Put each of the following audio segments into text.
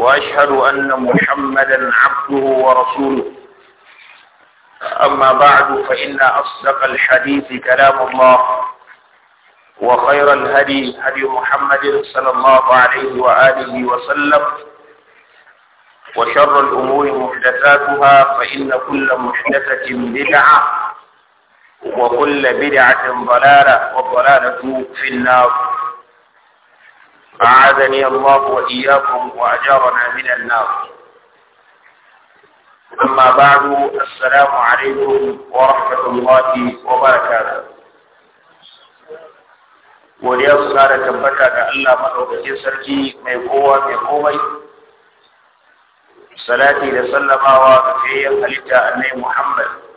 وأشهد أن محمدا عبده ورسوله أما بعد فإن أصدق الحديث كلام الله وخير الهدي هدي محمد صلى الله عليه وآله وسلم وشر الأمور محدثاتها فإن كل محدثة بدعة وكل بدعة ضلالة والضلالة في النار أعاذني الله وإياكم وأجارنا من النار أما بعد السلام عليكم ورحمة الله وبركاته godiya su da tabbata ga Allah madaukakin sarki mai kowa mai komai salati da sallamawa ga fiyayyen halitta annai Muhammad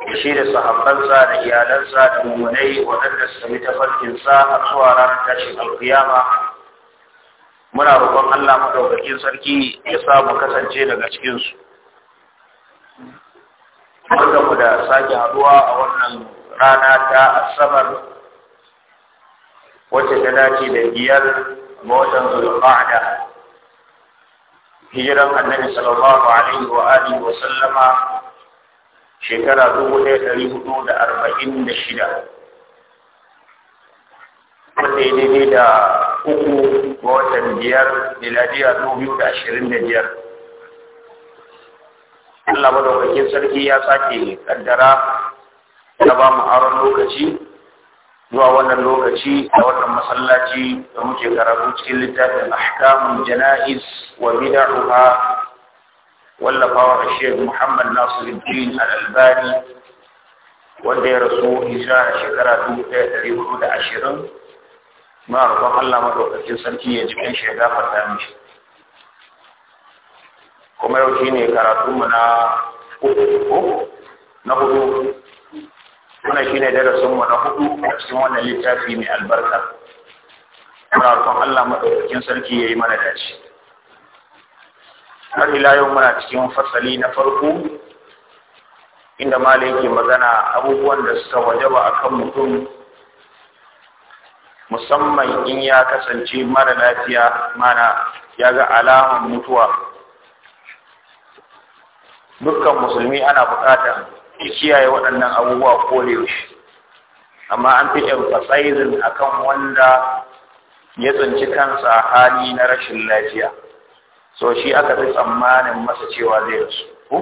Yashe shi da sahabbansa da iyalansa da mummunai waɗanda su sami tafarkinsa a zuwa ranar tashin alkiyama muna roƙon Allah madaukakin sarki ya sa mu kasance daga cikinsu. wanda mu da sake haɗuwa a wannan rana ta Asabar wacce ta dace da biyar ga watan Zulqa'da. Hijiran Annabi sallallahu alaihi wa alihi wa sallama shekara dubu ɗaya ɗari hudu da arba'in da shida wanda ya daidai da uku ga watan biyar miladiya dubu biyu da ashirin da biyar Allah madaukakin sarki ya sake kaddara ya ba mu aron lokaci zuwa wannan lokaci a wannan masallaci da muke karatu cikin littafin ahkamun jana'iz wa bida'uha wallafawa Sheikh Muhammad Nasiruddin Al-Albani wanda ya rasu hijira a shekara 1420 muna roƙon Allah madaukakin sarki ya ji kan shi ya gafarta mishi kuma yau ne karatun mu na uku na hudu wannan shine darasin mu na hudu a cikin wannan littafi mai albarka muna roƙon Allah madaukakin sarki ya yi mana dace har ila yau muna cikin fasali na farko inda malai yake magana abubuwan da suka wajaba kan mutum musamman in ya kasance mara lafiya mana ya ga alaman mutuwa dukkan musulmi ana bukata ya kiyaye waɗannan abubuwa ko yaushe amma an fi emphasizing akan wanda ya tsinci kansa hali na rashin lafiya so shi aka fi tsammanin masa cewa zai rasu ko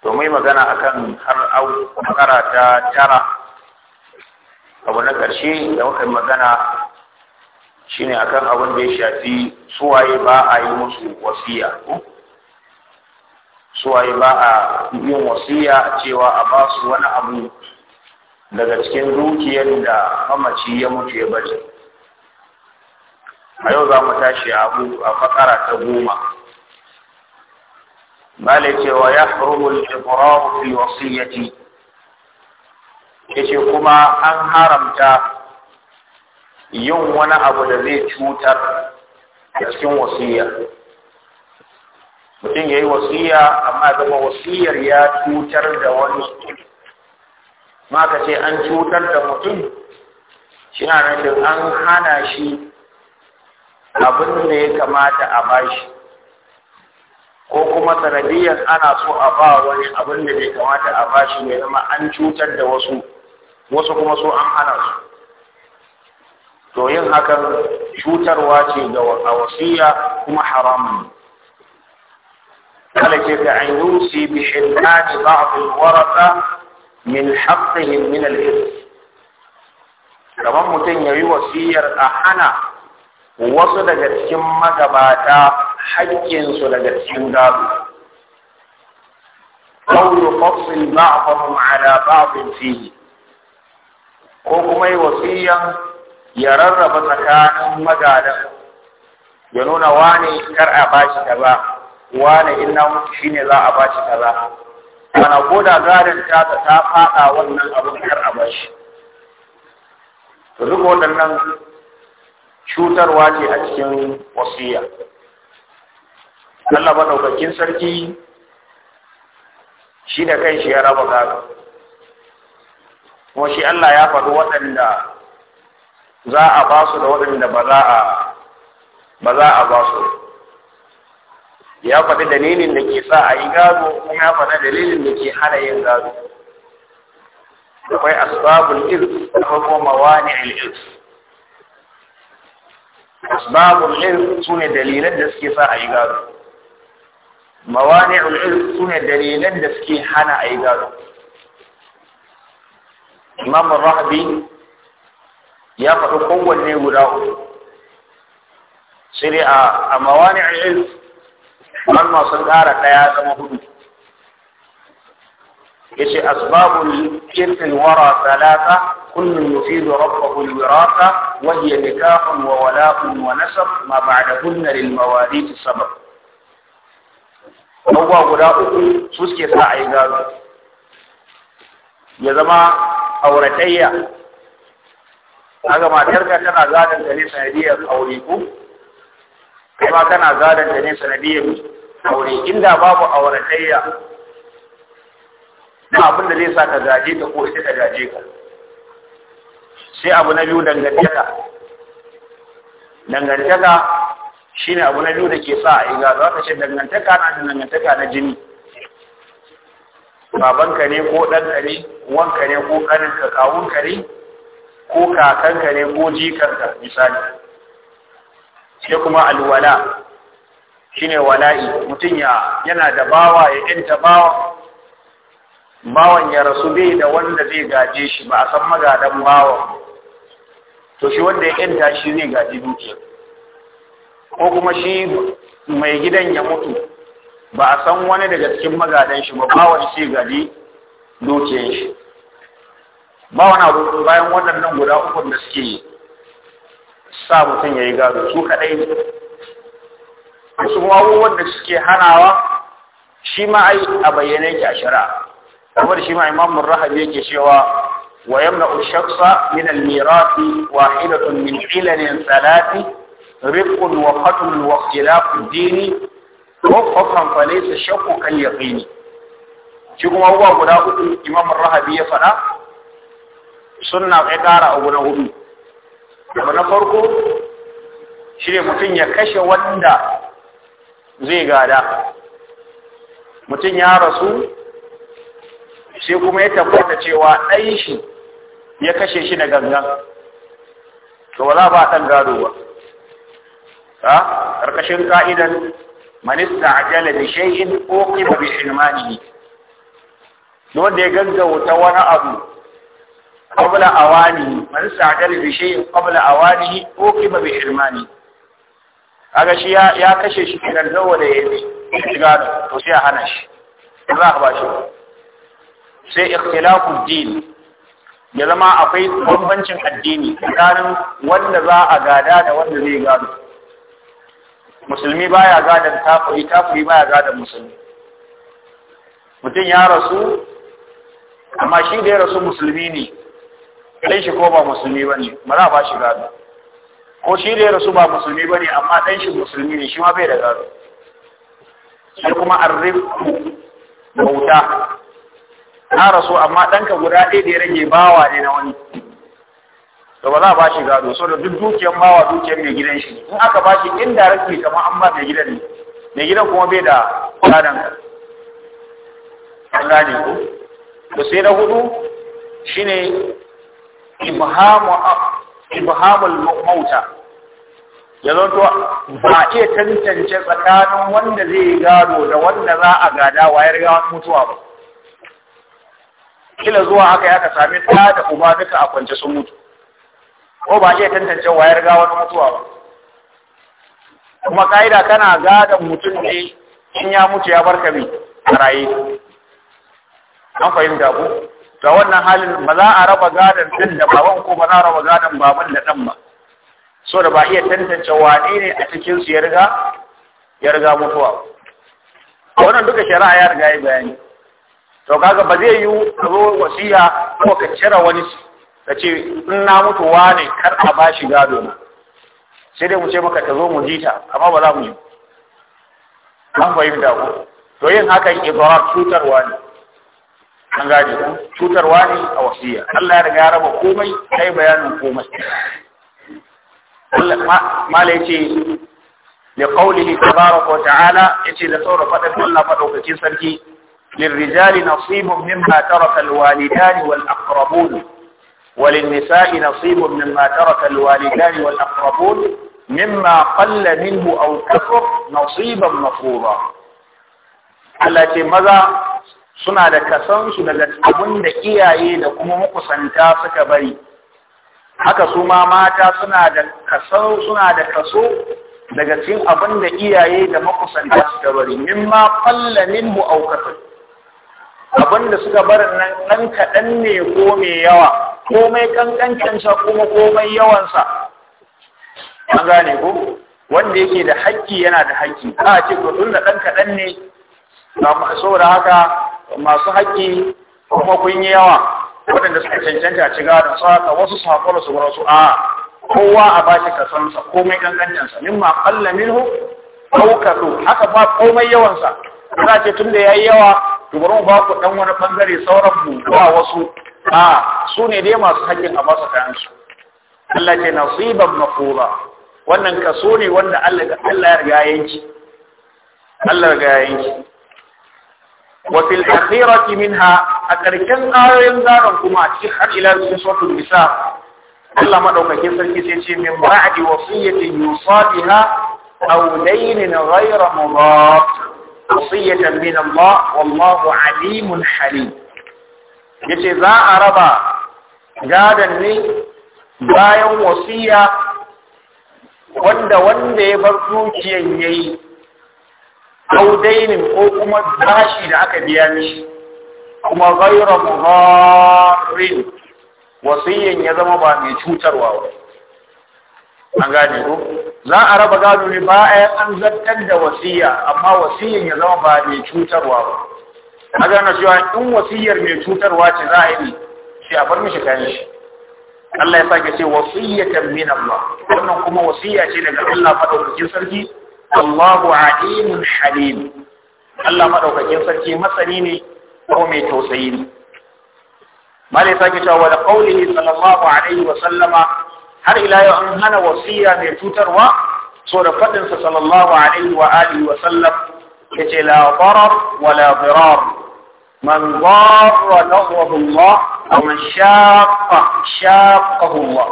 to mai magana akan har au makara ta tara abu na ƙarshe da muka magana shine akan abin da ya shafi suwaye ba a yi musu wasiya ko suwaye ba a yin wasiya cewa a ba su wani abu daga cikin dukiyar da mamaci ya mutu ya bari a yau za mu tashi abu a fakara ta goma bale cewa ya hurumul ibrahu fi wasiyyati yace kuma an haramta yin wani abu da zai cutar a cikin wasiyya mutum ya yi wasiyya amma zama wasiyyar ya cutar da wani ma ka ce an cutar da mutum shi na nufin an hana shi abin da ya kamata a bashi ko kuma sanadiyar ana so a ba wani abin da bai kamata a bashi ya zama an cutar da wasu wasu kuma so an hana su to yin hakan cutarwa ce ga wasiya kuma haramun قال كيف أن يوصي بحرمان بعض الورثة من حقهم من الإرث kamar mutum ya yi wasiyar a hana wasu daga cikin magabata haƙƙinsu daga cikin gado a يفصل بعضهم ba a فيه ko kuma yi wasiyan ya rarraba tsakanin magada ya nuna wane kar a bashi kaza wane inna shi ne za a bashi kaza ana koda gadon tasa ta fada wannan abin kar a bashi to duk waɗannan cutarwa ce a cikin wasiya Allah madaukakin sarki shi da kai shi ya raba gado kuma shi Allah ya faru waɗanda za a ba su da waɗanda ba za a ba su ya faɗi dalilin da ke sa a yi gado kuma ya faɗi dalilin da ke hana yin gado akwai asbabul irz da kuma mawani'il irz asbabul irf sune dalilan da suke sa a yi gado mawani'ul irf sune dalilan da suke hana a yi gado imam rahabi ya faɗi kowanne guda uku sai dai a mawani'ul irf an sun ƙara ɗaya zama hudu yace asbabul irfil wara talata كل يفيد ربه الوراثة وهي نكاح وولاء ونسب ما بعدهن للمواريث سبب هو غدا أقول سوسكي يا إذا يزما أورتيا أجمع تركة كان أزادا تنين سنبيا أوليكو كما كان أزادا تنين سنبيا أولي إن بابا أورتيا ما أبن ليسا تزاجيك أو إستي تزاجيك sai abu na biyu dangantaka dangantaka shine abu na biyu da ke sa a ga za ka ce dangantaka na da dangantaka na jini babanka ne ko ɗanka ne wanka ne ko ƙaninka kawunka ne ko kakanka ne ko jikanka misali sai kuma alwala shine wala'i mutum ya yana da bawa ya yanta bawa bawan ya rasu bai da wanda zai gaje shi ba a san magadan bawan to shi wanda ya kenta shi zai gaji dukiya ko kuma shi mai gidan ya mutu ba a san wani daga cikin magadan shi ba bawan shi gaji dukiyar shi bawan abu bayan waɗannan guda uku da suke yi. sa mutum ya yi gado su kaɗai ne kuma abubuwan da suke hanawa shi ma ai a bayyane ki a shari'a kamar shi ma Imam Murrahabi yake cewa wa yamna'u shakhsa min al-mirasi wahidatun min ilalin salati rifqun wa qatl wa ikhtilafu dini wa qafan falaysa shakku kal yaqini shi kuma abubuwa guda uku Imam Murrahabi ya faɗa sunna kai ƙara abu na hudu abu na farko shi ne mutum ya kashe wanda zai gada mutum ya rasu sai kuma ya tabbata cewa ɗan shi ya kashe shi da gangan to wala ba ɗan gado ba ha ƙarƙashin ƙa'idan manista ajala da shay'in ko qima bi ilmanihi wanda ya gaggauta wani abu a awanihi manista ajala bi shay'in qabla awanihi ko qima bi ilmanihi kaga shi ya kashe shi kiran zawo da ya shiga to sai a hana shi za ka ba shi sai ikhtilafu din ya zama akwai bambancin addini tsakanin wanda za a gada da wanda zai gado musulmi baya da kafiri kafiri baya gada musulmi mutum ya rasu amma shi da ya rasu musulmi ne ɗan shi ko ba musulmi ba ne ba ba shi gado ko shi da ya rasu ba musulmi ba ne amma ɗan shi musulmi ne shi ma bai da gado sai kuma arrif bauta na rasu amma ɗanka guda ɗaya da ya rage bawa ne na wani to ba za a ba shi gado so da duk dukiyan bawa dukiyan mai gidan shi in aka ba shi inda rake kamar an ba mai gidan ne mai gidan kuma bai da gadon an gane ko to sai na hudu shine ne ibhamul mauta ya to ba iya tantance tsakanin wanda zai gado da wanda za a gada wayar gawan mutuwa ba kila zuwa haka ya ka sami ta da uba duka a kwance sun mutu ko ba iya tantance wa ya riga wani mutuwa ba kuma ka'ida kana gadon mutum ne in ya mutu ya barka mai a raye an fahimta ku ta wannan halin ba za a raba gadon din da baban ko ba za a raba gadon baban da ɗan ba so da ba iya tantance wane ne a cikinsu ya riga ya riga mutuwa wannan duka shari'a ya riga ya bayani to kaga ba zai yi zo wasiya ko ka cira wani ka ce in na mutu wane kar a ba shi gado na sai dai mu ce maka ta zo mu jita amma ba za mu yi an fahimta ku? to yin hakan ibara cutarwa ne an gaji cutarwa ne a wasiya Allah ya riga ya raba komai kai bayanin komai mala yace li qawlihi tabaraka wa ta'ala yace da sauraron fadin Allah madaukakin sarki للرجال نصيب مما ترك الوالدان والأقربون وللنساء نصيب مما ترك الوالدان والأقربون مما قل منه أو كثر نصيبا مفروضا التي ماذا suna da kasansu daga abin da iyaye da kuma makusanta suka bari haka su ma mata suna da kaso suna da kaso daga cikin abin da iyaye da makusanta suka bari mimma qalla minhu aw kathar abin da suka bar nan ɗan kaɗan ne ko mai yawa komai ƙanƙancansa kuma komai yawansa an gane ko wanda yake da haƙƙi yana da haƙƙi a ce ko tun da ɗan kaɗan ne saboda haka masu haƙƙi kuma kun yi yawa waɗanda suka cancanta a ciga da saka wasu saƙon su su a kowa a ba shi kasansa komai ƙanƙancansa ma ƙalla hu ɗaukatu haka ba komai yawansa za a ce tun da ya yi yawa to mu ba ku ɗan wani bangare sauran mu ba wasu a su ne dai masu hakkin a masu kayan su Allah ce nasiban mafura wannan kaso ne wanda Allah ya riga yanki Allah ya riga yanki wa fil akhirati minha a karkan ayoyin zaran kuma a cikin har ila suratul nisa Allah madaukakin sarki sai ce min ba'di wasiyatin yusabiha aw daynin ghayra mudad wasiyyatan من الله والله عليم حليم yace za a raba gadon ne bayan wasiya wanda wanda ya bar dukiyan yayi audainin ko kuma bashi da aka biya mishi kuma ghayra mudharin wasiyan ya zama ba mai cutarwa ba an gane ko za a raba gado ne bayan an zartar da wasiya amma wasiyan ya zama ba mai cutarwa ba a gane cewa in wasiyar mai cutarwa ce za a yi sai a bar mishi kayan shi Allah ya sake ce wasiyatan min Allah wannan kuma wasiya ce daga Allah madaukakin sarki Allahu alimun halim Allah madaukakin sarki masani ne ko mai tausayi ne Malai sake cewa da qaulihi sallallahu alaihi wa sallama har ila yau an hana wasiya mai cutarwa so da faɗinsa sallallahu alaihi wa alihi wa sallam yace la darar wa la dirar man darra nawahu Allah aw man shaqqa shaqqahu Allah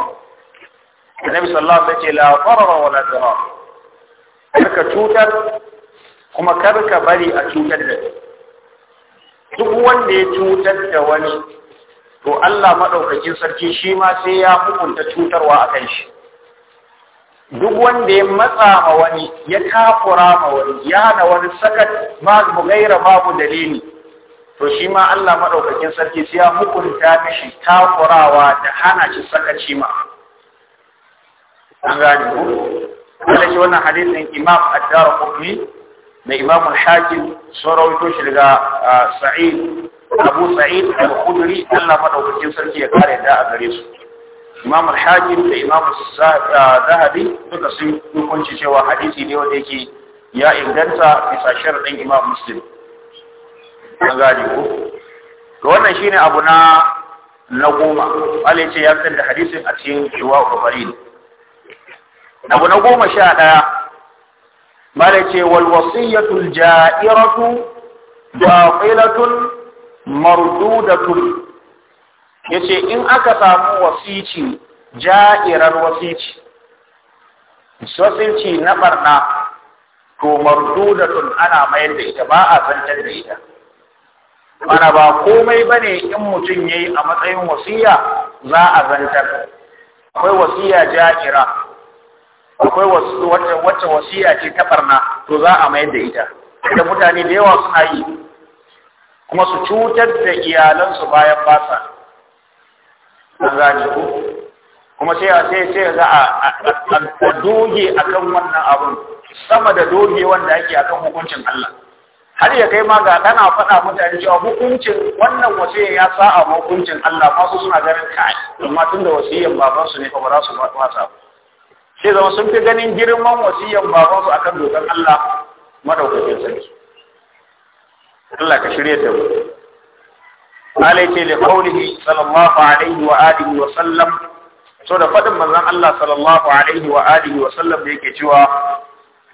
Annabi sallallahu alaihi yace la darar wa la dirar karka cutar kuma karka bari a cutar da duk wanda ya cutar da wani to Allah maɗaukakin sarki shi ma sai ya hukunta cutarwa a kan shi duk wanda ya matsa ma wani ya kafura ma wani ya hana wani sakat babu gaira babu dalili to shi ma Allah maɗaukakin sarki sai ya hukunta mishi kafurawa da hana shi sakaci ma an gane ku shi wannan hadisin imam a darqutni da imam al-hakim sun rawaito shi daga ah, sa'id abu sa'id al-khudri Allah madaukakin sarki ya kare da a gare su imam al-hakim da imam zahabi duka sun hukunci cewa hadisi ne wanda yake ya inganta bisa sharadin imam muslim an gane ko to wannan shine abu na na goma wale ce ya san da hadisin a cikin shiwa ubarin abu na goma sha ɗaya mala ce wal wasiyatul ja'iratu baqilatun mardudatun yace in aka samu wasici ja'irar wasici wasici na barna to mardudatun ana mayar da ita ba a zantar da ita mana ba komai bane in mutum yayi a matsayin wasiya za a zantar akwai wasiya ja'ira akwai wacce wasiya ce ta barna to za a mayar da ita da mutane da yawa suna yi kuma su cutar da iyalansu bayan basa an kuma sai a sai sai za a doge akan wannan abun sama da doge wanda ake akan hukuncin Allah har ya kai ma ga kana faɗa mutane cewa hukuncin wannan wasiyya ya sa'a hukuncin Allah masu suna ganin kai amma tunda wasiyyan baban su ne fa ba za su ba ta sai zama sun fi ganin girman wasiyyan babansu su akan dokar Allah madaukakin sarki Allah ka shirya da mu alai ce da qaulihi sallallahu alaihi wa alihi wa sallam So da fadin manzon Allah sallallahu alaihi wa alihi wa sallam da yake cewa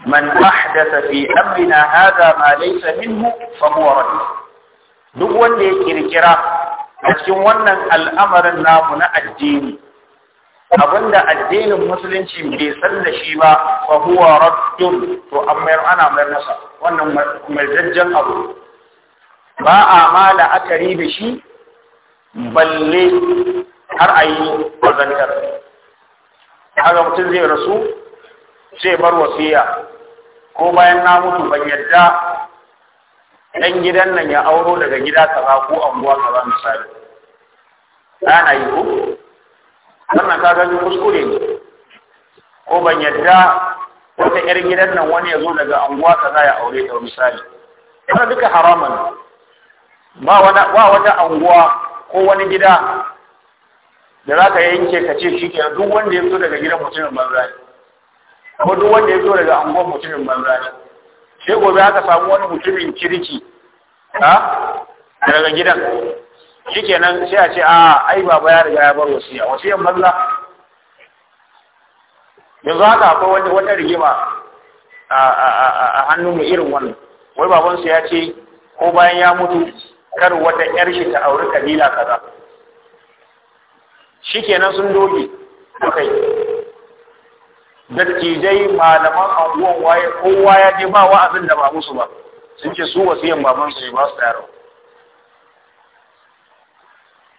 man ahdatha fi amrina hadha ma laysa minhu fa huwa rad duk wanda ya kirkira a cikin wannan al'amarin namu na addini abinda addinin musulunci bai san da shi ba fa huwa raddun to an mayar ana mayar nasa wannan marjajjen abu ba a ma la'akari da shi balle har a yi ƙazantar haka mutum zai rasu sai bar wasiya ko bayan na mutu ban yadda ɗan gidan nan ya auro daga gida kaza ko anguwa kaza misali ana yi ko wannan ka gani kuskure ne ko ban yadda wata 'yar gidan nan wani ya zo daga anguwa kaza ya aure ta misali wannan duka haramun ba wata anguwa ko wani gida da za ka yanke ka ce shi ke duk wanda ya zo daga gidan mutumin banza ne ko duk wanda ya zo daga anguwan mutumin banza ne sai gobe aka samu wani mutumin kirki ha daga gidan shi kenan sai a ce a ai baba ya riga ya bar wasiya wasiyan banza yanzu haka akwai wata rigima a hannun mu irin wannan wai babansu ya ce ko bayan ya mutu kar wata ƴar shi ta auri kabila kaza shikenan sun doge kai dattijai malaman anguwan waye kowa ya je ba wa'azin da ba musu ba sun ce su wasiyan baban su ba su tayarwa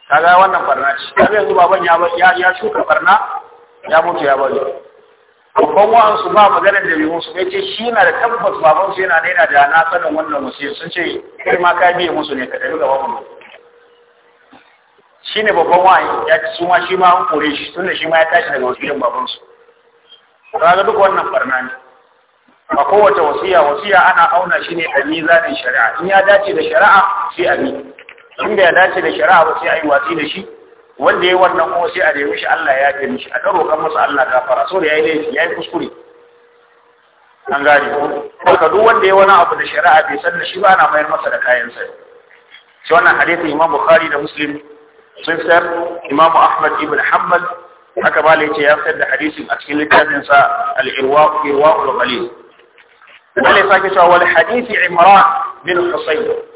kaga wannan barna shi kaga yanzu baban ya ya shuka barna ya mutu ya bari babban wa'ansu ba maganar da bihun su ya ce shi na da tabbas baban su yana daina da na sanin wannan musu sun ce kai ma ka biye musu ne ka tafi gaba mu shi ne babban wa'ayi ya ci su ma shi ma an kore shi tun da shi ma ya tashi daga wasilin baban su ga duk wannan barna ne A kowace wasiya wasiya ana auna shi ne a mizanin shari'a in ya dace da shari'a sai a bi in da ya dace da shari'a ba sai a yi watsi da shi wanda ya wannan kuma sai a nemi shi Allah ya yi mishi a kan roƙon masa Allah gafara saboda ya yi laifi ya yi kuskure an gane ko duk wanda ya wani abu da shari'a bai san da shi ba ana mayar masa da kayan sa shi wannan hadisin Imam Bukhari da Muslim sun fitar Imam Ahmad ibn Hanbal haka ba yace ya fitar da hadisin a cikin littafin sa Al-Irwaq Irwaq al-Ghalil wala sake cewa wal hadisi Imran bin Husayn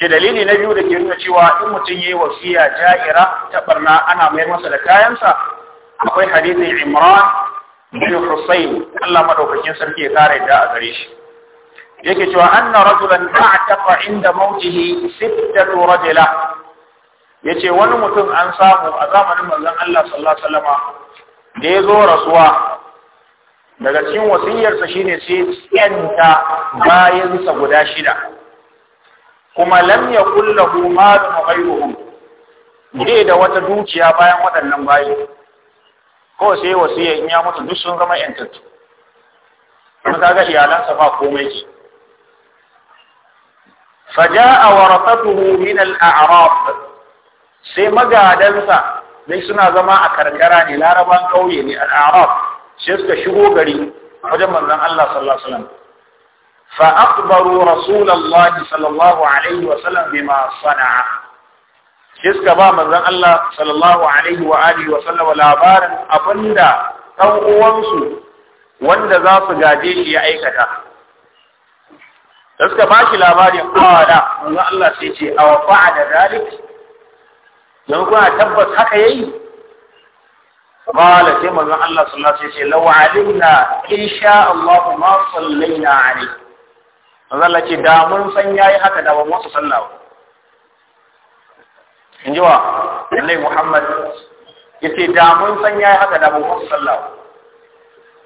ce dalili na biyu da ke nuna cewa in mutum yayi wasiya ja'ira ta barna ana mayar masa da kayansa akwai hadisin Imran bin Husayn Allah madaukakin sarki ya kare da a gare shi yake cewa anna rajulan ta'taqa inda mautihi sittatu rajula yace wani mutum an samu a zamanin manzon Allah sallallahu alaihi da ya zo rasuwa daga cikin wasiyarsa shine sai yanta bayansa guda shida kuma lam yakul lahu malun ghayruhum bai da wata dukiya bayan waɗannan bayi ko sai wasiya in ya mutu duk sun zama yantattu kuma kaga iyalansa ba komai ke faja'a warasatuhu min al-a'rab sai magadansa dai suna zama a karkara ne laraban kauye ne al-a'rab sai suka shigo gari wajen manzon Allah sallallahu alaihi wasallam فأخبروا رسول الله صلى الله عليه وسلم بما صنع شسك با منزن الله صلى الله عليه وآله وسلم لابار أبندا أو أوانسو wanda za su gaje shi ya aikata da suka ba shi labarin kawada manzon Allah sai ce a wafa da zalik don kuna tabbas haka yayi qala sai manzon Allah sallallahu alaihi wasallam sai ce law insha Allah ma Allah ce da mun san yayi haka da ba mu sallah ba in ji wa Allah Muhammad yace da mun san yayi haka da ba mu sallah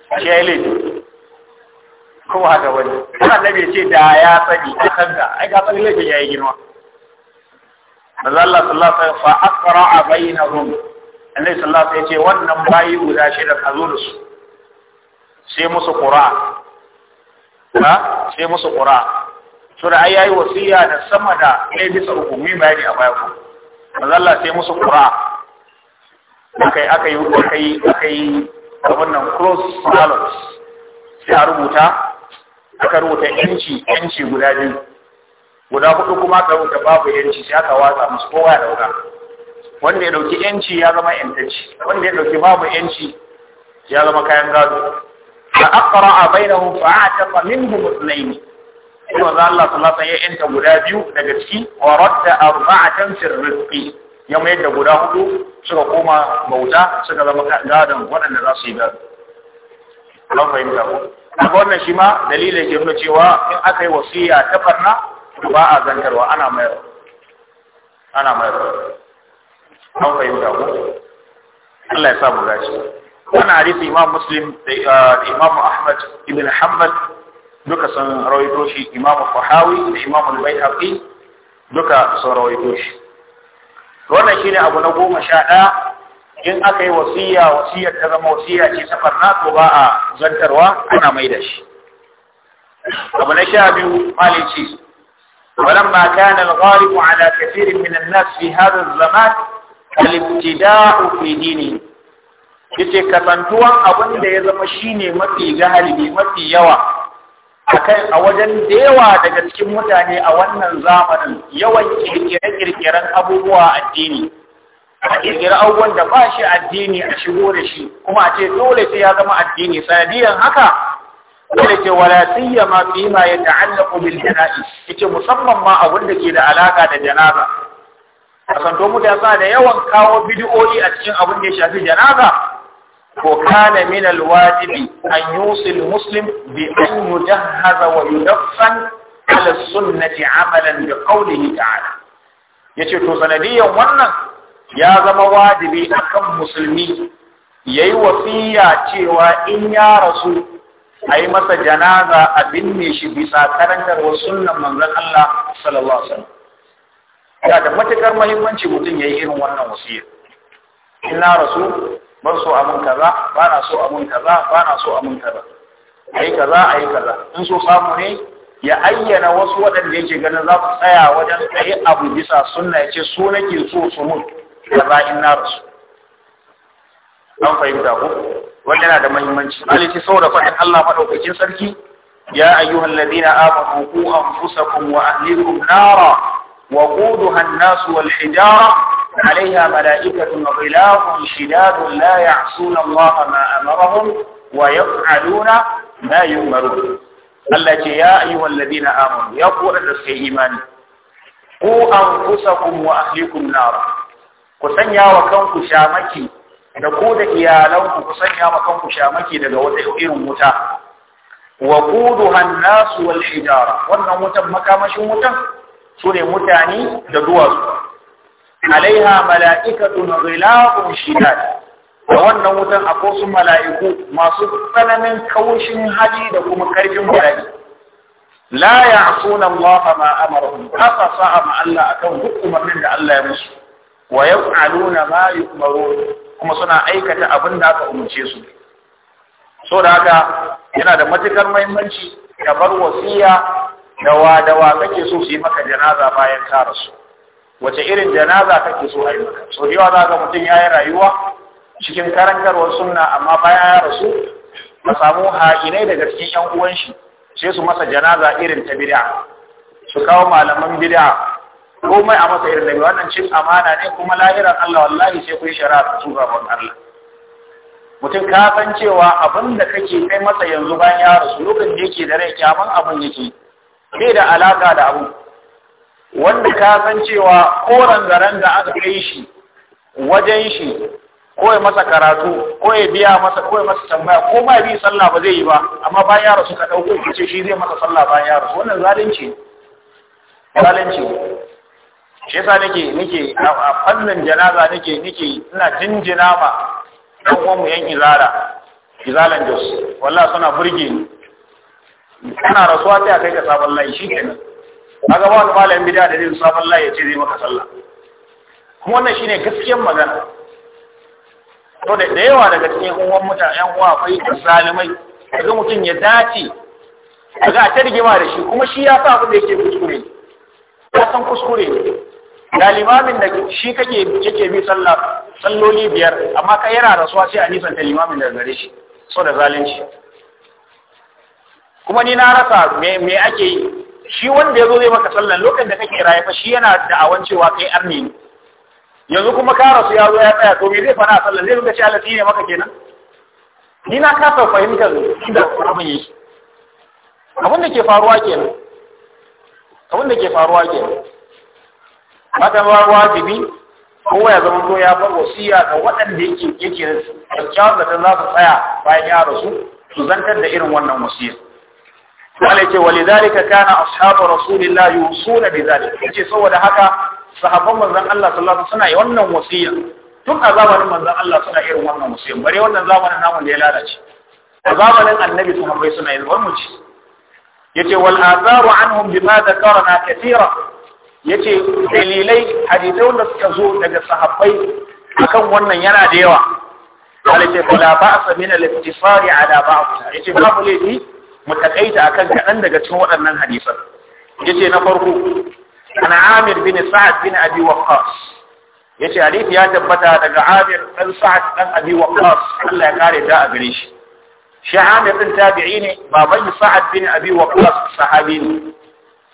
ba shi ya laifi ko haka wani annabi yace da ya sani kanka ai ka sani laifin yayi girma Allah sallallahu alaihi sallam fa asra'a bainahum Annabi sallallahu alaihi sallam yace wannan bayi guda shida ka zo da su sai musu qura'a ba sai musu ƙura to da ayyayi wasiya da sama da ɗaya bisa uku mu bayani a baya ku mazalla sai musu ƙura akai akai akai akai abin nan cross ballot sai a rubuta aka rubuta yanci yanci guda biyu guda hudu kuma aka rubuta babu yanci sai aka watsa musu kowa ya dauka wanda ya dauki yanci ya zama yanci wanda ya dauki babu yanci ya zama kayan gado fa aqra'a bainahum fa a'taqa minhum ithnayn sai manzo Allah sallallahu alaihi wasallam guda biyu daga ciki wa radda arba'atan fi rizqi ya mayar da guda hudu suka koma bauta suka zama gadon waɗanda za su yi gado don fahimta ko daga wannan shi ma dalilin ke nuna in aka yi wasiya ba a zantarwa ana mayar ana mayar don fahimta ko Allah ya sa mu wani hadisi imam muslim da uh, imam ahmad ibn hanbal duka sun rawaito shi imam fahawi da imam al-baihaqi duka sun rawaito shi wannan shine abu na goma sha ɗaya in aka yi wasiya wasiyar ta zama wasiya ce safar farna to ba a zantarwa ana mai da shi abu na sha biyu malici ولما كان الغالب على كثير من الناس في هذا الزمان الابتداء في دينه yace kasantuwan abin da ya zama shine mafi galibi mafi yawa kai a wajen da yawa daga cikin mutane a wannan zamanin yawan kirkire-kirkiren abubuwa addini a kirkire abubuwan da ba shi addini a shigo da shi kuma a ce dole sai ya zama addini sanadiyan haka dole ce wala ma fi ma yata'allaqu bil janaiz yace musamman ma abin da ke da alaka da janaza kasanto mutane da yawan kawo bidiyoyi a cikin abin da ya shafi janaza وكان من الواجب أن يوصي المسلم بأن يجهز ويدفن على السنة عملا بقوله تعالى yace to sanadiyan wannan ya zama wajibi akan musulmi yayi wasiya cewa in ya rasu a yi masa janaza a binne shi bisa karantarwar sunnan manzon Allah sallallahu alaihi wasallam matukar muhimmanci mutum yayi irin wannan wasiya in na rasu ban so abun kaza ba na so abun kaza ba na so abun kaza ayi kaza ayi kaza in so samu ne ya ayyana wasu waɗanda yake ganin za su tsaya wajen tsaye abu bisa sunna ya ce su nake so su mun kaza in na rasu an fahimta ko wanda yana da muhimmanci alici saboda faɗin Allah madaukakin sarki ya ayyuhal ladina amanu qu anfusakum wa ahlikum nara wa quduha an-nas wal hijara عليها ملائكة غلاظ شداد لا يعصون الله ما أمرهم ويفعلون ما يؤمرون التي يا أيها الذين آمنوا يقول الرسل إيماني قوا أنفسكم وأهلكم نارا كسنيا وكنكم شامكي da ku da iyalanku ku sanya ma kanku shamaki daga wata irin wuta wa quduha an-nas wal hijara wannan wutan makamashin wutan sune mutane da duwatsu alaiha mala'ikatun ghilaqun shidad da wannan wutan akwai su mala'iku masu tsananin kaushin hali da kuma karfin bala'i la ya'suna Allah ma amarahum kasa sa'a ma Allah akan duk umarnin da Allah ya musu wa yaf'aluna ma yu'marun kuma suna aikata abin da aka umarce su so da haka yana da matukar muhimmanci ka bar wasiya da wa da wa kake so su yi maka janaza bayan ka rasu wace irin janaza kake so ayi maka so yawa za ga mutum ya rayuwa cikin karantarwar sunna amma bayan ya rasu ba samu haƙinai daga cikin yan uwan shi sai su masa janaza irin ta bid'a su kawo malaman bid'a komai a masa irin da wannan cin amana ne kuma lahiran Allah wallahi sai ku yi shari'a su gaban Allah mutum ka san cewa abinda kake kai masa yanzu bayan ya rasu lokacin da yake da rai kyaman abin yake bai da alaka da abu wanda ka san cewa koren zaren da aka kai shi wajen shi ko ya masa karatu ko ya biya masa ko ya masa tambaya ko ba bi sallah ba zai yi ba amma bayan ya rasu ka dauko ka ce shi zai masa sallah bayan ya rasu wannan zalunci zalunci shi yasa nake nake a fannin janaza nake nake ina jinjina ma dan uwan mu yan zara izalan jos wallahi suna burge ni kana rasuwa sai kai ka sabon layi kenan gaba wani malamin bid'a da zai sabon Allah ya ce zai maka sallah kuma wannan shine gaskiyar magana to da yawa daga cikin uwan mutane yan uwa akwai zalimai kaga mutum ya dace kaga a tarjima da shi kuma shi ya sa abin da yake kuskure ya san kuskure da limamin da shi kake yake bi sallah salloli biyar amma ka yana rasuwa sai a nisan da limamin da gare shi so da zalunci kuma ni na rasa me me ake yi shi wanda ya zo zai maka sallan lokacin da kake rayuwa shi yana da'awan cewa kai arni ne yanzu kuma ka rasu ya zo ya tsaya to me zai fara sallan zai ruka ce Allah ne maka kenan ni na kasa fahimtar inda abin yake abin da ke faruwa kenan abin da ke faruwa kenan mata ba wajibi ko ya zama ko ya bar wasiya ga waɗanda yake yake da kyakkyawar da za su tsaya bayan ya rasu su zantar da irin wannan wasiyar wale ce wali zalika kana ashabu rasulillah yusuna bi zalika yace saboda haka sahabban manzon Allah sallallahu alaihi wasallam suna yi wannan wasiya tun a zamanin manzon Allah suna irin wannan wasiya bare wannan zamanin namu da ya lalace a zamanin annabi sahabbai suna yi wannan ci yace wal azaru anhum bima dhakarna kathira yace dalilai hadisai wanda suka zo daga sahabbai akan wannan yana da yawa wale ce fala ba'sa min al-iftisari ala ba'd yace babu laifi mu takaita akan kaɗan daga cikin waɗannan hadisan yace na farko ana amir bin sa'ad bin abi waqqas yace hadisi ya tabbata daga amir dan sa'ad dan abi waqqas Allah ya kare da a gare shi shi amir din tabi'i ne baban sa'ad bin abi waqqas sahabi ne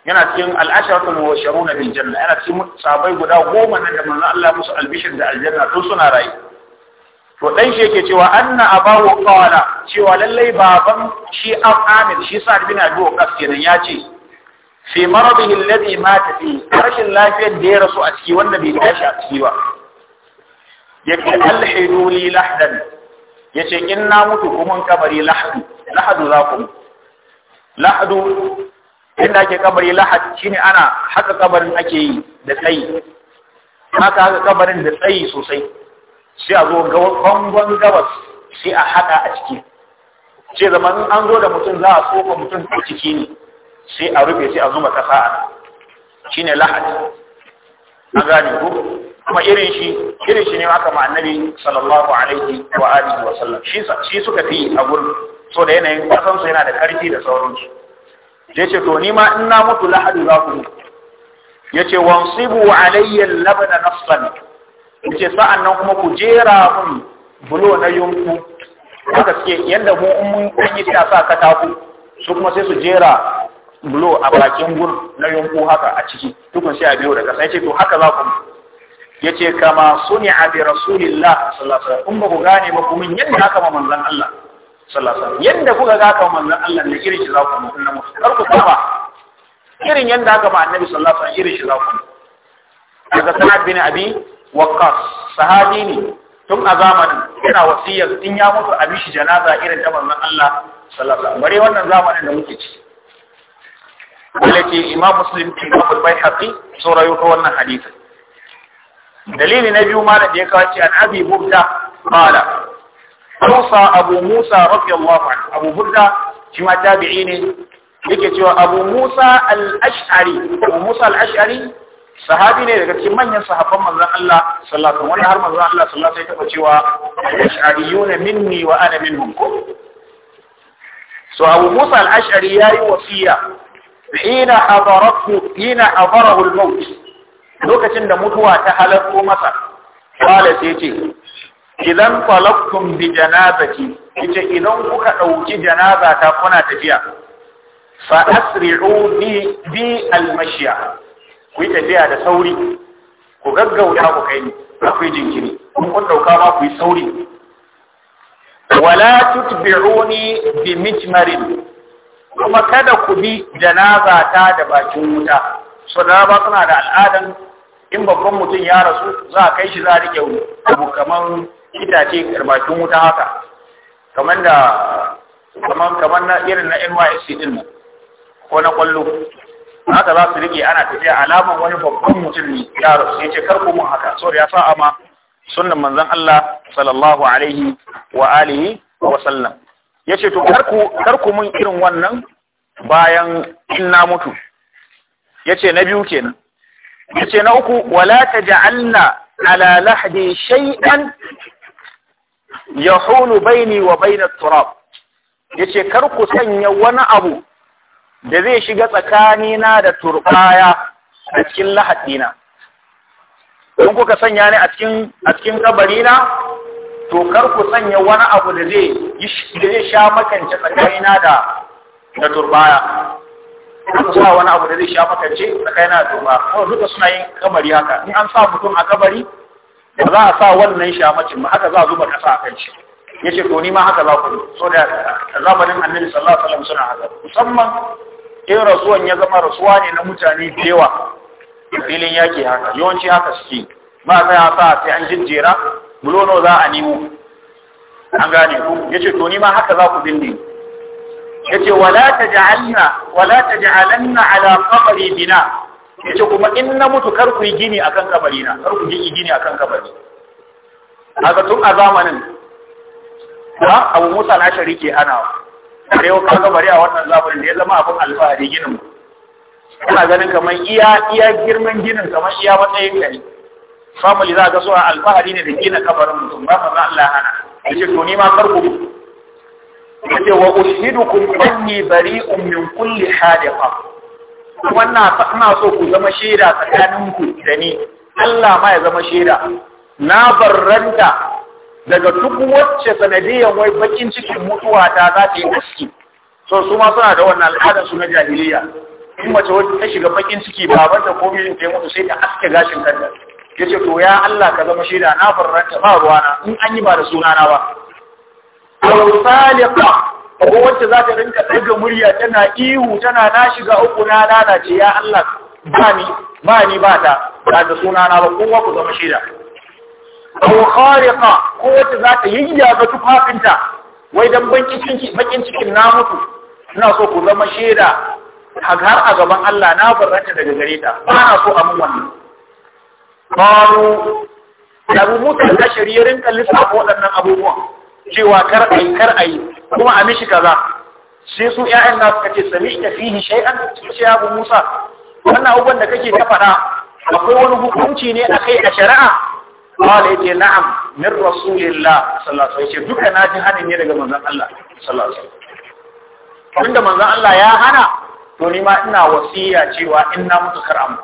yana cikin al'asharatul mubashirun bil janna yana cikin sahabbai guda goma na da manzon Allah musu albishir da aljanna tun suna rayu to dan shi yake cewa anna abahu qala cewa lallai baban shi Amir shi Sa'd bin Abi Waqqas kenan ya ce fi maradihi alladhi mata fi rashin lafiyar da ya rasu a ciki wanda bai tashi a ciki ba yake alhidu li lahdan yace in na mutu kuma kabari lahdu lahdu za ku lahdu inda ake kabari lahad shine ana haka kabarin ake yi da tsayi haka haka kabarin da tsayi sosai sai a zo bangon gabas sai a haɗa a ciki sai zama an zo da mutum za a tsofa mutum a ciki ne sai a rufe sai a zuma ƙasa a shi ne lahadi a gane ku kuma irin shi irin shi ne aka ma annabi sallallahu alaihi wa alihi wa sallam shi suka fi a gurin so da yanayin kwasansu yana da ƙarfi da sauransu ya ce to ni ma in na mutu lahadi za ku ya ce wansibu alayya labana nafsan ce sa'an nan kuma ku jera mun bulo na yunku haka suke yadda mu mun yi ta sa katako su kuma sai su jera bulo a bakin gur na yunku haka a ciki tukun sai a biyo da kasa yace to haka za ku Ya ce kama a bi rasulillah sallallahu alaihi wasallam kun ba ku gane ba kuma yadda haka ma manzon Allah sallallahu alaihi wasallam yanda kuka ga haka manzon Allah ne irin shi za ku mun na kar ku saba irin yadda haka ma annabi sallallahu alaihi wasallam irin shi za ku daga sanad bin abi waqas sahabi ne tun a zamanin yana wasiyar in ya mutu a bishi janaza irin ta manzon Allah sallallahu alaihi wasallam wannan zamanin da muke ci. wallahi imam muslim da imam al-baihaqi sun wannan hadisin dalili na biyu malam da ya kawo an abi burda qala Musa Abu Musa radiyallahu anhu Abu Burda shi ma tabi'i ne yake cewa Abu Musa al-Ash'ari Abu Musa al-Ash'ari sahabi ne daga cikin manyan sahabban manzon Allah sallallahu alaihi wasallam wani har manzon Allah sallallahu alaihi wasallam sai cewa ash'ariyuna minni wa ana minhum so Abu Musa al-Ash'ari yayi wasiya ina hadaratu ina hadarahu al-maut lokacin da mutuwa ta halarto masa wala sai ce idan talaqtum bi janazati yace idan kuka dauki janaza ta kuna tafiya fa asri'u bi bi al-mashya ku yi tafiya da sauri ku gaggauta ku kai ni yi jinkiri kun kun dauka ma ku yi sauri wala tutbi'uni bi mijmarin kuma kada ku bi janaza ta da bakin wuta so da ba suna da al'adan in babban mutum ya rasu za a kai shi za a rike abu kaman itace bakin wuta haka kaman da kaman kaman na irin na NYSC din nan ko na kwallo haka za su rike ana tafiya alaman wani babban mutum ne ya rasu ya ce karku mun haka saboda ya sa ma sunnan manzon Allah sallallahu alaihi wa alihi wa sallam yace to karku karku mun irin wannan bayan in na mutu yace na biyu kenan yace na uku wala taj'alna ala lahdi shay'an yahulu baini wa baina turab yace karku sanya wani abu da zai shiga tsakanina da turbaya a cikin lahadina in kuka sanya ne a cikin kabarina to kar ku sanya wani abu da zai sha makance tsakanina da da turbaya ku sa wani abu da zai sha makance tsakanina da turbaya ko duka suna yin kabari haka in an sa mutum a kabari Da za a sa wannan sha shamacin ba haka za a zuba kasa a kan shi yace to ni ma haka za ku so da zamanin annabi sallallahu alaihi wasallam suna haka musamman in rasuwan ya zama rasuwa ne na mutane da yawa filin yaki haka yawanci haka suke ba sai a sa sai an jijjera bulono za a nemo an gane ku yace to ni ma haka za ku binne yace wala taj'alna wala taj'alanna ala qabri bina yace kuma in na mutu kar ku yi gini akan kabarina, kar ku yi gini akan kabari haka tun a zamanin ba abu musa na shari ke hana bare yau ka bari a wannan zamanin da ya zama abin alfahari ginin kana ganin kamar iya iya girman ginin kamar iya matsayin gari family za ka so a alfahari ne da gina kabarin mutum ba manzo Allah hana yace to ni ma karku ce wa ushidukum anni bari'un min kulli hadifa wannan ina so ku zama shaida tsakaninku da ni Allah ma ya zama shaida na barranta daga duk wacce sanadiyyar wai bakin cikin mutuwa ta za ta yi aski so su ma suna da wannan al'adar su na jahiliya in mace wacce ta shiga bakin ciki baban da komai ta mutu sai ta aske gashin kanta yace to ya Allah ka zama shaida na ta ba na in an yi ba da sunana ba aw saliqa ko wacce za ta rinka daga murya tana ihu tana na shiga uku na lalace ya Allah ba ni ba ni ba ta da sunana ba kowa ku zama shaida aw khariqa ko wacce za ta yayyaga tufafinta wai dan bakin cikin na mutu ina so ku zama shaida har a gaban Allah na barranta daga gare ta so a mun wannan qalu Abu Musa da shari'arin kallon sabo waɗannan abubuwan cewa kar ai kuma a mishi kaza sai su ƴaƴan na suka ce sami ta fihi shay'an sai Abu Musa wannan abubuwan da kake ta faɗa akwai wani hukunci ne akai a shari'a qala yace na'am min rasulillah sallallahu alaihi wasallam duka naji hanin ne daga manzon Allah sallallahu alaihi wasallam tunda manzon Allah ya hana to ni ma ina wasiya cewa in na mutu karamu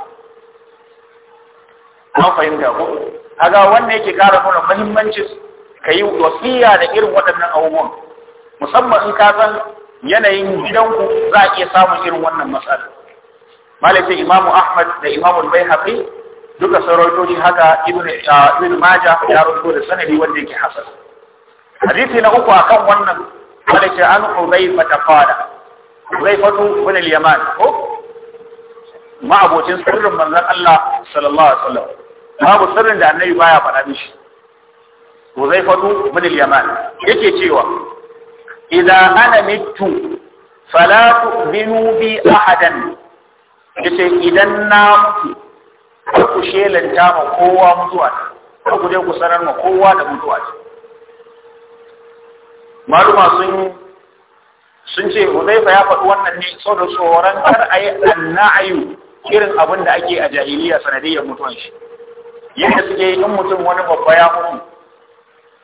an fahimta ko kaga wannan yake kara mana muhimmanci ka yi wasiya da irin waɗannan abubuwan musamman in ka san yanayin gidanku za a iya samun irin wannan matsala malaka Imam ahmad da Imam al-baihaqi duka sarauto shi haka ibn uh, ibn majah ya rawaito da sanadi wanda yake hasan hadisi na uku akan wannan wanda ke an hudayfa ta fara hudayfa bin al-yaman ko ma abocin sirrin manzon Allah sallallahu alaihi wasallam babu sirrin da annabi baya faɗa mishi hudayfa bin al-yaman yake cewa idza ana mittu fala tu'minu bi ahadan yace idan na mutu kar ku shelanta ma kowa mutuwa kar ku je ku sanar ma kowa da mutuwa ce maluma sun sun ce Hudayfa ya faɗi wannan ne saboda tsoron kar a anna'ayu irin abin da ake a jahiliya sanadiyyar mutuwan shi yadda suke in mutum wani babba ya mutu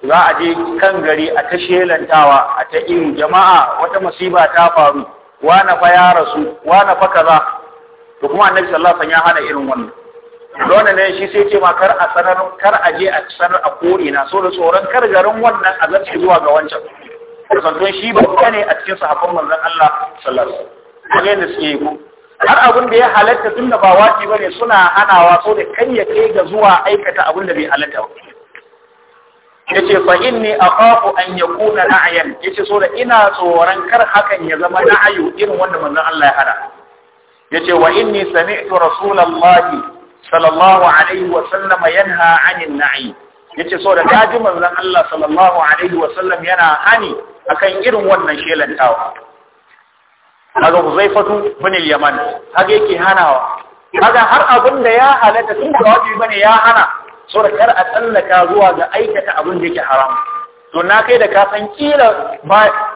za a je kan gari a ta shelantawa a ta irin jama'a wata masiba ta faru na fa ya rasu na fa kaza to kuma annabi sallallahu alaihi wasallam ya hana irin wannan wannan ne shi sai ce ma kar a sanar kar a je a sanar a kore na so da tsoron kar garin wannan a zarce zuwa ga wancan kasantuwan shi babba ne a cikin sahabban manzon Allah sallallahu alaihi wasallam suke yi ko har abin da ya halatta tun da ba waji bane suna hanawa so da kan ya kai ga zuwa aikata abin da bai halatta ba yace fa inni akhafu an yakuna na'yan yace so da ina tsoron kar hakan ya zama na'ayu irin wanda manzon Allah ya hada yace wa inni sami'tu rasulullahi sallallahu alaihi wa sallama yanha anin na'i yace so da kaji manzon Allah sallallahu alaihi wa sallam yana hani akan irin wannan shelantawa kaga Huzaifatu bin al-Yaman kaga yake hanawa kaga har abin da ya halata tun da wajibi bane ya hana so da kar a tsallaka zuwa ga aikata abin da yake haram to na kai da ka san kila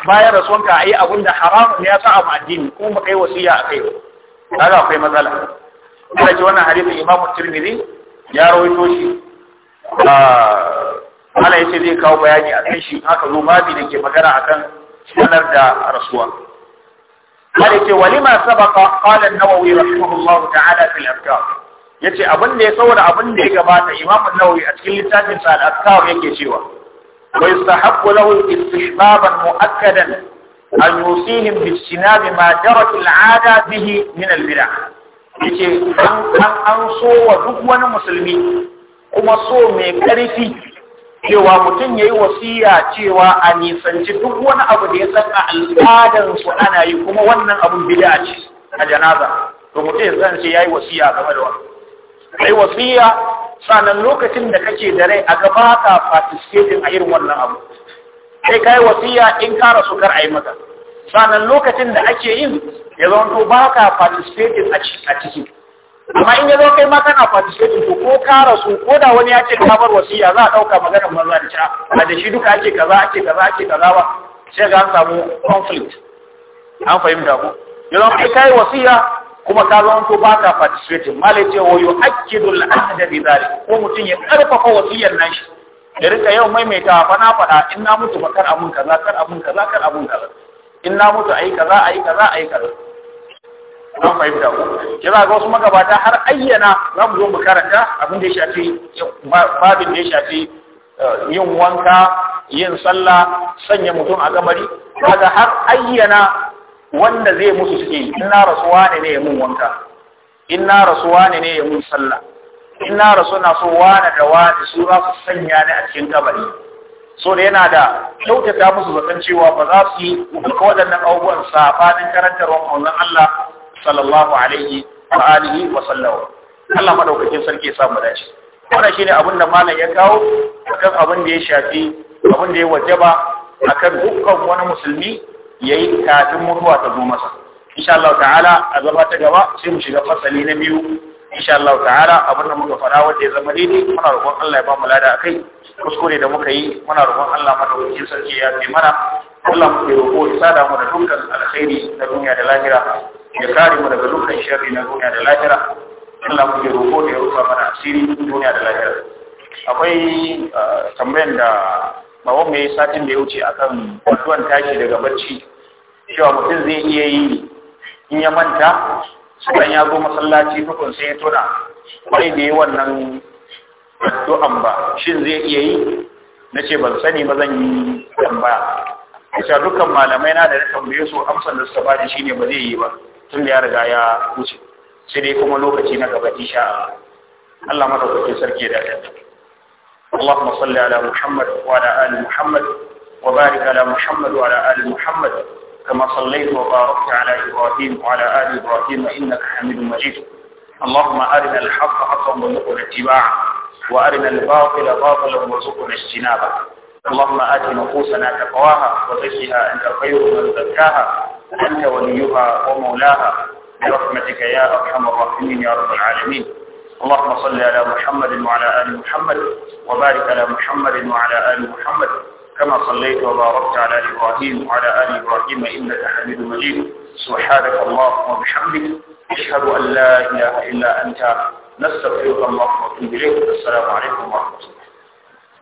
bayan rasuwanka ayi abun da haram ne ya sa a addini kuma kai wasiya akai kaga akwai matsala kuma ji wannan hadisin Imam Tirmidhi ya rawaito shi ah, Allah yace zai kawo bayani akan shi haka zo babi da ke magana akan sanar da rasuwa Allah yace walima sabaqa qala an-Nawawi rahimahullahu ta'ala fil afkar yace abin da ya saboda abin da ya gabata Imam an-Nawawi a cikin littafin sa al-afkar yake cewa wa yastahabbu lahu istihbaban mu'akkadan an yusihim bi ma jarat al-'ada bihi min al-bid'ah Yake an so wa duk wani musulmi kuma so mai ƙarfi cewa mutum ya yi wasiya cewa a nisanci duk wani abu da ya san a su ana yi kuma wannan abun bida ce a janaza to mutum ya san ce ya yi wasiya game da wani kai wasiya sanan lokacin da kake da rai a gaba ka participating a irin wannan abu sai kai wasiya in ka rasu kar ayi maka sannan lokacin da ake yin ya zama to ba ka participating a ciki amma in ya zo kai ma kana participating to ko ka rasu ko da wani ya ce ka bar wasiya za a ɗauka maganar maza da ta a da shi duka ake kaza ake kaza ake kaza ba sai ga an samu conflict an fahimta ko ya zama kai kai wasiya kuma ka zama to ba ka participating malai ce wa ake dole ahda bi dhalik ko mutum ya karfafa wasiyar nan shi da rika yau maimaita fana faɗa in na mutu ba kar abun kaza kar abun kaza kar abun kaza in na mutu a yi kaza a yi kaza a yi kaza don fahimta ku kira ga wasu magabata har ayyana za mu zo mu karanta abin da ya shafi babin da ya shafi eh, yin wanka yin sallah sanya mutum a gamari kaga har ayyana wanda zai musu suke in na rasuwa ne ne ya mun wanka in na rasuwa ne ne ya mun sallah in na rasu na so wane da wane su za su sanya ni a cikin gabari? so da yana da kyautata musu zaton cewa ba za su yi duka waɗannan abubuwan sabanin karantarwar maulan Allah sallallahu alaihi wa alihi wa sallam Allah madaukakin sarki ya samu dace wannan shine abin da malam ya kawo akan abin da ya shafi abin da ya wajaba akan dukkan wani musulmi yayi kafin mutuwa ta zo masa insha Allah ta'ala a zama ta gaba sai mu shiga fasali na biyu insha Allah ta'ala abin da muka fara wanda ya zama daidai muna roƙon Allah ya ba mu lada akai kuskure da muka yi muna roƙon Allah madaukakin sarki ya fi mana Allah mu roƙo ya sada mu da dukkan alkhairi na duniya da lahira ya kare mu daga dukkan sharri na duniya da lahira Allah muke roƙo ya rufa mana asiri duniya da lahira akwai ah, tambayan da bawon mai satin da ya wuce akan kwatuwan tashi daga barci cewa mutum zai iya yi in ya manta sai ya zo masallaci tukun sai ya tuna kwai da yi wannan du'an ba shin zai iya yi na ce ban sani ba zan yi dan ba kusa dukkan malamai na da rikon biyu su amsar da suka bada shine ba zai yi ba tun da ya riga ya wuce sai dai kuma lokaci na gaba isha Allah maka kuke sarki da ya Allahumma salli ala Muhammad wa ala ali Muhammad wa barik ala Muhammad wa ala ali Muhammad kama sallaita wa barakta ala Ibrahim wa ala ali Ibrahim innaka Hamidum Majid Allahumma arina al-haqqa haqqan wa nuqul ittiba'a وأرنا الباطل باطلا وارزقنا اجتنابه اللهم آت نفوسنا تقواها وزكها أنت خير من زكاها أنت وليها ومولاها برحمتك يا أرحم الراحمين يا رب العالمين اللهم صل على محمد وعلى آل محمد وبارك على محمد وعلى آل محمد كما صليت وباركت على إبراهيم وعلى آل إبراهيم إنك حميد مجيد سبحانك اللهم وبحمدك أشهد أن لا إله إلا أنت نستغفرك اللهم ونتوب اليك السلام عليكم ورحمه الله